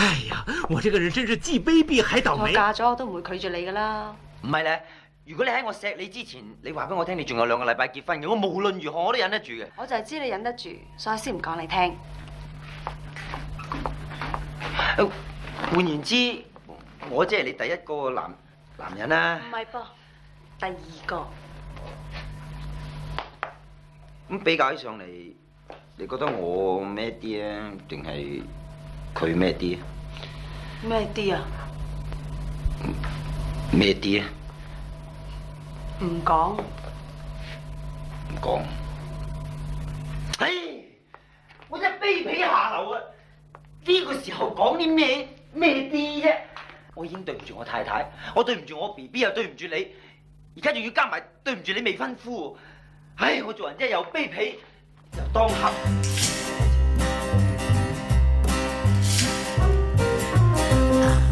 哎呀，我這個人真是自卑鄙喺度。我嫁咗，我都唔會拒絕你噶啦。唔係咧，如果你喺我錫你之前，你話俾我聽，你仲有兩個禮拜結婚嘅，我無論如何我都忍得住嘅。我就係知你忍得住，所以我先唔講你聽。換言之，我即係你第一個男男人啦。唔係噃，第二個。咁比較起上嚟，你覺得我咩啲咧？定係？佢咩啲？咩啲啊？咩啲啊？唔講。唔講。唉！我真係卑鄙下流啊！呢個時候講啲咩咩啲啫？我已經對唔住我太太，我對唔住我 BB，又對唔住你，而家仲要加埋對唔住你未婚夫。唉！我做人真係又卑鄙又當黑。